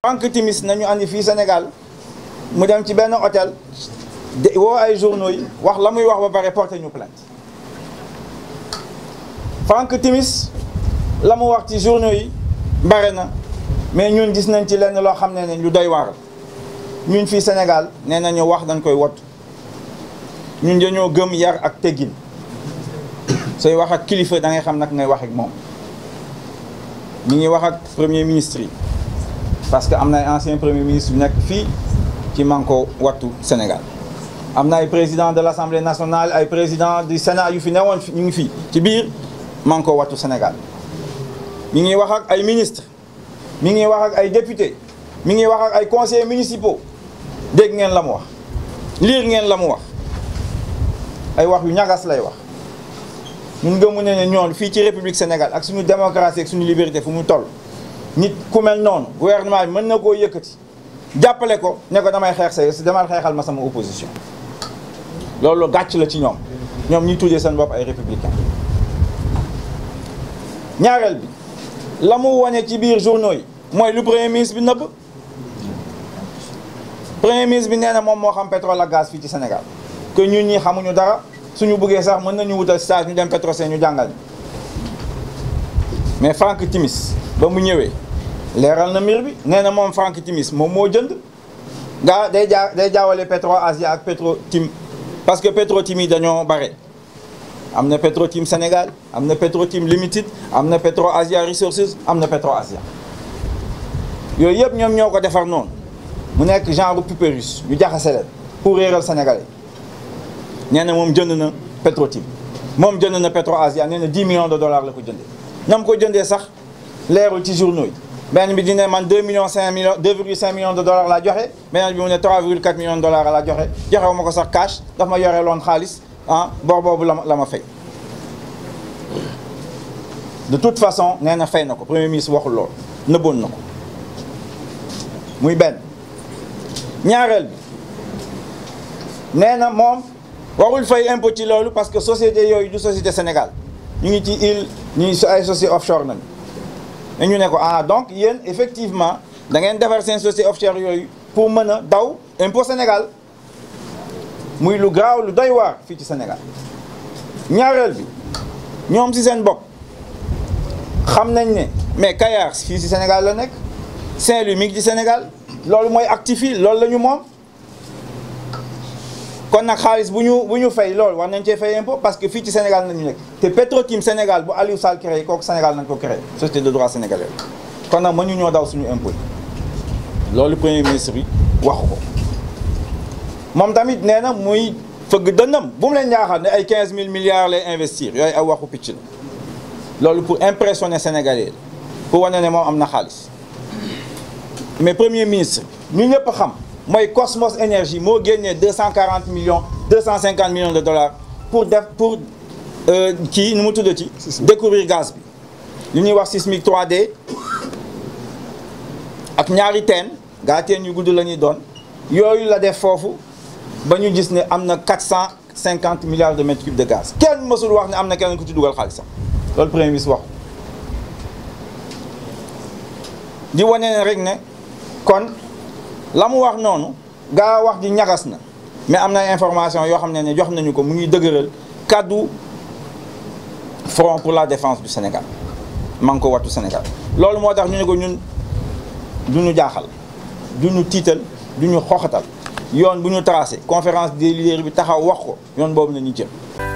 banque timis nañu andi fii Sénégal mu dem ci benn hôtel de woo ay journaux yi wax la muy wax ba pare porté ñu plainte Frank Timis la mu wax ci journaux yi bare na mais ñun gis nañ ci lenn loo xam ne ne lu doy waar ñun fii Sénégal nee nañu wax dañ koy wot ñun dañoo gëm yar ak teggin sooy wax ak kilifa da ngay xam nag ngay wax moom ñu ngi wax ak premier ministre yi parce que am na ay ancien premier ministre yu nekk fii ci manko wattu Sénégal am na ay président de l'Assemblée nationale ay président du Sénat yu fi newoon ñu ngi fii ci biir manko wattu Sénégal mi ngi wax ak ay ministre mi ngi wax ak ay député mi ngi wax ak ay conseillers municipaux dégg ngeen la mu wax liir ngeen la mu wax ay wax yu ñagas lay wax ñun gëmu ne ne ñoon fii ci République Sénégal ak suñu démocratie ak suñu liberté fu mu toll nit ku mel noonu gouvernement bi mën na koo yëkkati jàppale ko ne damay xeex say demal xeexal ma sama opposition loolu gàcc la ci ñoom ñoom ñuy tuddee seen bopp ay républicain ñaareel bi la mu wane ci biir journaux yi mooy lu premier ministre bi nëbb premier ministre bi nee na moom moo xam pétrole ak gaz fii ci Sénégal que ñun ñi xamuñu dara suñu buggee sax mën nañu wutal stage ñu dem Petrosen ñu jàngal mais Franck Timis ba mu ñëwee leeral na mbir bi nee na moom Franck Timis moom moo jënd gaa day jaa day jaawale Petro Asia ak Petro Tim parce que Petro Tim dañoo bare am na Petro Tim Sénégal am na Petro Tim Limited am na Petro Asia Resources am na Petro Asia yooyu yëpp ñoom ñoo ko defar noonu mu nekk genre Pupérus ñu jaxase leen pour réeral sénégalais nee na moom jënd na Petro Tim moom jënd na Petro Asia nee na million millions de dollars la ko jëndee na mu ko jëndee sax leerul ci journaux yi. benn bi dina man 2 millions 5 millions 2,5 millions de dollars laa joxe beneen bi mu ne 3,4 millions de dollars laa joxe joxewu ma ko sax cash daf ma yore loon xaalis ah bor boobu la la ma fay. de toute façon nee na fay na ko premier ministre waxul loolu nëbboon na ko muy benn ñaareel bi na moom warul fay impôt ci loolu parce que société yooyu du société Sénégal ñu ngi ci île ñu ngi ay société offshore nañu. ñu ne ko ah donc yéen effectivement da ngeen defar seen société offshore yooyu pour mën a daw impôt Sénégal muy lu gaaw lu doy waar fii ci Sénégal ñaareel bi ñoom si seen bopp xam nañ ne mais Kayar fii si Sénégal la nekk Saint-Louis mi ngi ci Sénégal loolu mooy actif yi loolu la ñu moom. kon nag xaalis bu ñu bu ñu fay loolu war nañ cee fay impôt parce que fii ci Sénégal nañu nekk te Petrotim Sénégal bu Aliou Sall créé kooku Sénégal nañ ko créé société de droit sénégalais kon nag mënu ñoo daw suñu impôt yi loolu premier ministre bi wax ko moom tamit nee na muy fëgg dënnam bu mu leen jaaxal ne ay 15000 milliards lay investir yooyu aw waxu picc la loolu pour impressionner sénégalais pour wane ne moom am na xaalis mais premier ministre ñu ñëpp xam. mooy Cosmos Energy moo génnee deux cent quarante millions deux cent cinquante millions de dollars pour def pour euh, kii nu mu tudda ci découvrir gaz bi lu ñuy wax sismique 3D ak ñaari teen gaa yu gudd la ñuy doon yooyu la def foofu ba ñu gis ne am na quatre cent cinquante milliards de mètres cubes de gaz kenn mësul wax ne am na kenn ku ci dugal xaalisam loolu premier ministre wax di wane ne rek ne la mu wax noonu gaa wax ji ñagas na mais am na information yoo xam ne ni jox nañu ko mu ngi dëgëral kàddu front pour la défense du Sénégal maa ngi ko watu Sénégal loolu moo tax ñu ne ko ñun du ñu jaaxal du ñu tiital du ñu xoxatal yoon bu ñu tracé conférence des bi taxaw wax ko yoon boobu la ñu jëm